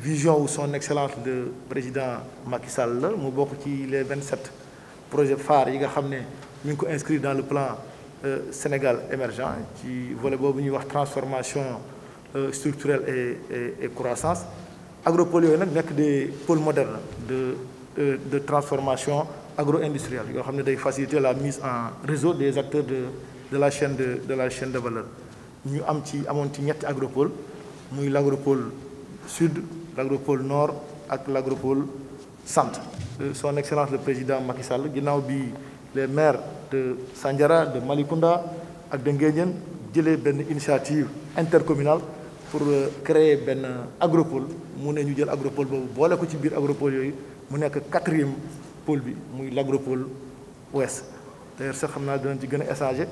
vision ou son excellence de président Macky Sall 27 mu les 27 projets phares yi inscrit dans le plan euh, Sénégal émergent qui volet voir une transformation euh, structurelle et croissance agropole est un des pôles modernes de euh, transformation agro-industrielle Il xamné faciliter la mise en réseau des acteurs de la chaîne de valeur Nous avons ci petit ci agropole l'agropole sud l'agropole nord ak l'agropole sant euh, son excellence le président Macky Sall ginnaaw bi les maires de Sandiara de Malicounda ak de Nguéniène jëlee benn initiative intercommunale pour euh, créer benn agropole mu ne ñu jël agropole boobu boole ko ci biir agropole yooyu mu nekk quatrième pôle bi muy l'agropole ouest d'ailleurs sax xam naa dinañ ci gën a échanger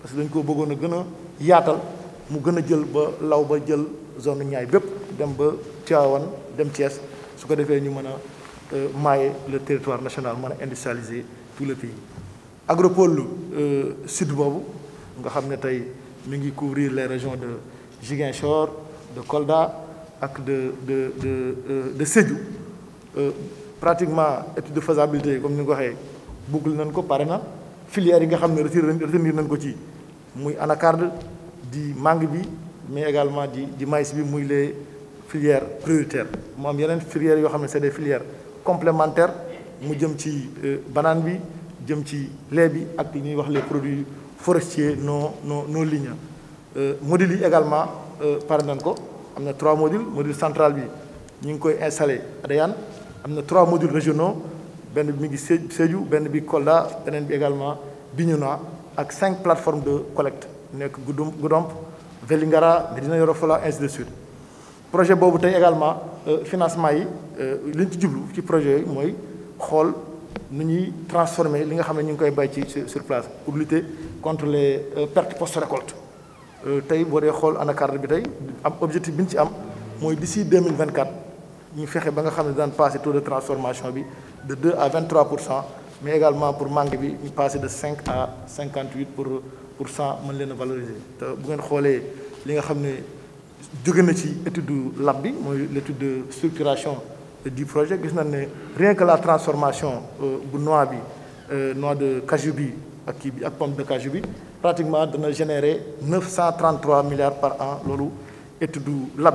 parce que dañ ko bëggoon a gën a yaatal mu gën a jël ba law ba jël zone ñaay bépp dem ba Tivaouane dem Thiès su ko defee ñu mën a euh, maaye le territoire national mën a industrialiser tout le pays agropole euh, sud boobu nga xam ne tey mi ngi couvrir les régions de Ziguinchor de Kolda ak de de de euh, de Sédhiou pratiquement étude de faisabilité comme ni nga ko waxee boucle nañ ko pare na filière yi nga xam ne retenir nañ ko ci muy anacarde di mangue bi mais également di di maïs bi muy les filière prioritaire filières prioritaires. des filières complémentaires mu jëm ci euh, banane bi jëm ci lait les produits forestiers non lignes modules euh, module également euh, par ko trois modules module central bi koy trois modules régionaux ben cinq plateformes de collecte Goudomp Vélingara ainsi de suite projet bobu tay également finance euh, financement yi euh, liñ ci projet moy xol transformer li nga sur place pour lutter contre les euh, pertes post récolte euh, tay bo xol objectif d'ici 2024 il fexé ba nga taux de transformation de 2 à 23 mais également pour Mangé, bi passer de 5 à 58 pour pour 100 valoriser te bu ngeen xolé li étude l'étude de structuration du projet rien que la transformation euh, euh, noix de Kajubi, pomme de pratiquement générer 933 milliards par an et étude lab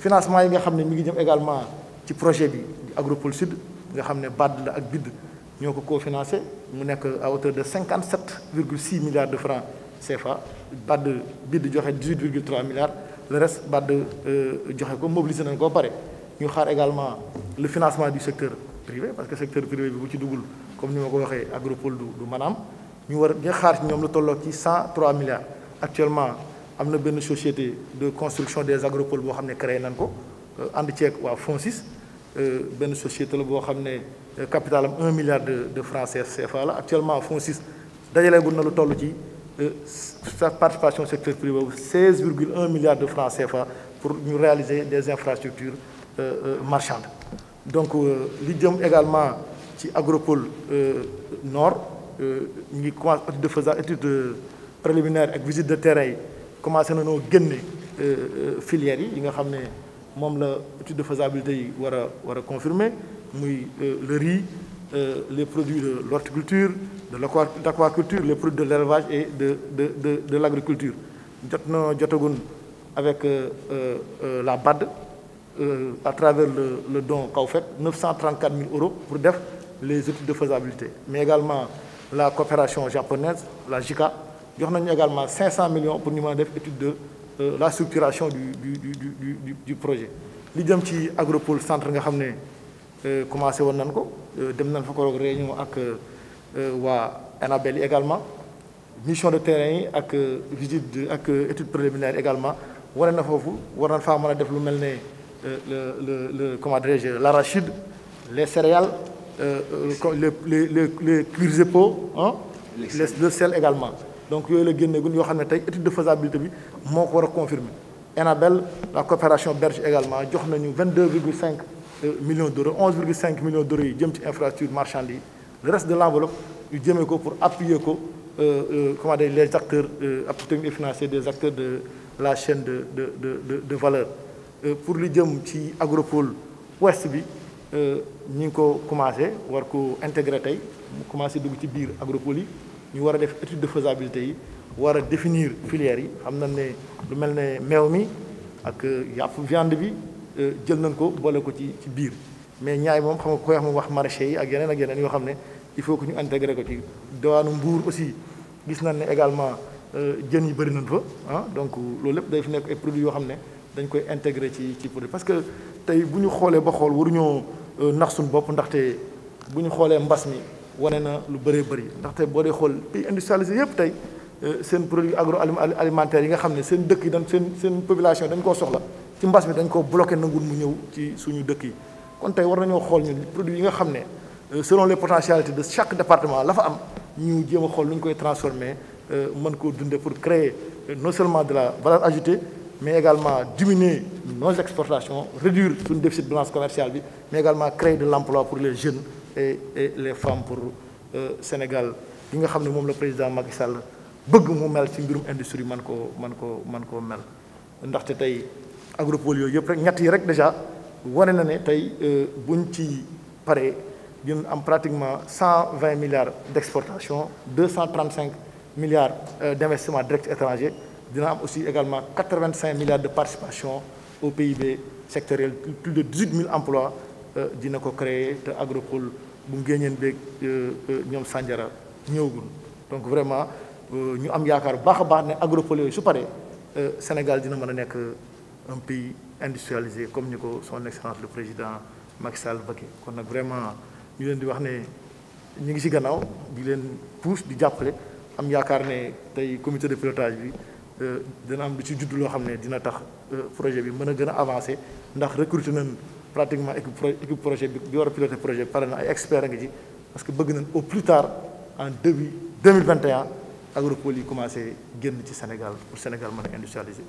financement également projet bi Sud cofinancé à hauteur de 57,6 milliards de francs CFA BAD BID joxe 18,3 milliards le reste BAD euh, joxe ko mobiliser nañ ko également le financement du secteur privé parce que le secteur privé bi bu ci comme nous l'avons ko agropole du Manam, nous ñu 103 milliards actuellement nous avons une société de construction des agropoles qui a ne créé en Tchèque ou FONSIS Une euh, société qui euh, a un capital de 1 milliard de de francs CFA actuellement FONSIS nous avons lu euh, sa participation au secteur privé 16,1 milliards de francs CFA pour nous réaliser des infrastructures euh, euh, marchandes donc li également ci agropole nord nous avons étude de étude préliminaire une visite de terrain yi commencé na noo filières nous avons nga une étude de faisabilité yi a le riz euh, les produits de l'horticulture, de l'aquaculture, les produits de l'élevage et de, de, de, de l'agriculture. avec euh, euh, la BAD, à travers le, le don fait, 934 000 euros pour les études de faisabilité. Mais également la coopération japonaise, la JICA, nous avons également 500 millions pour nous études de la structuration du, du, du, du projet. L'idée de l'agropole centre, euh, commencé woon nañ ko euh, dem nan fa koroog réunion ak euh, Anabel également mission de terrain et ak visite ak étude préliminaire également wane na foofu war nañ def lu melné le le le l'arachide les céréales hein, les les cuirs et le sel également. donc il y a eu yoo étude de faisabilité bi moo confirmé. Annabelle, la coopération berge également a 22,5 millions d'euros 11,5 millions d'euros yi jëm ci infrastructure marchande le reste de l'enveloppe yu jëmee ko pour appuyer ko euh, euh, comment dire les acteurs euh, technique et des acteurs de la chaîne de de de de valeur euh, pour li jëm ci agropole ouest bi avons ko commencé war ko intégré tey mu commencé à ci biir agropole avons fait de faisabilité nous avons définir filières yi avons na le lu méomie, avec la viande de bi Euh, jël nañ ko boole ko ci ci biir mais ñaay moom xam nga koy wax mu wax marché yi ak yeneen ak yeneen yoo xam ne il faut que ñu intégré ko ci diwaanu Mbour aussi gis nañ ne également euh, jën yi bëri nañ fa ah donc loolu lépp day fi nekk ay produits yoo xam ne dañ koy intégré ci ci produit parce que tey bu ñu xoolee ba xool waruñoo euh, nax suñu bopp ndaxte bu ñu xoolee mbas mi wane na lu bëree bari ndaxte boo dee xool pays industrialisé yëpp tey seen produit agro alimentaire yi nga xam ne seen dëkk yi dañ seen population dañ koo soxla ci mbass mi dañ ko bloqué nangul mu ñew ci suñu dëkk yi kon euh, selon les potentialités de chaque département la fa am ñu transformer euh, mën ko pour créer euh, non seulement de la valeur ajoutée mais également diminuer nos exportations réduire le déficit de balance commerciale mais également créer de l'emploi pour les jeunes et les femmes pour Sénégal yi nga xamné mom le président Macky Sall bëgg mu mel ci mbirum industrie man man man mel agropole il y rek yi rek déjà woné na né tay euh, buñ ci paree ñun am pratiquement 120 milliards d'exportations, 235 milliards euh, d'investissements directs direct étranger dina am aussi également 85 milliards de participation au PIB sectoriel plus de 18 000 emplois euh, dina ko créer te agropole bu ngéeñeen beeg ñom Sandiara donc vraiment ñu am yaakar bu baax baax né agropole su Sénégal dina mëna un pays industrialisé comme ni ko son excellence le président Macky Sall bëggee kon nag vraiment ñu leen di wax ne ñu ngi ci gannaaw di leen pousse di jàppale am yaakaar ne tey comité de pilotage bi euh, dina am lu ci judd loo xam ne dina tax euh, projet bi mën a gën ndax recruter nañ pratiquement équipe projet bi bi war a piloter projet bi pare expert, ay ci parce que bëgg nañ au plus tard en 2021 agropole yi commencé génn ci Sénégal pour Sénégal mën a industrialiser.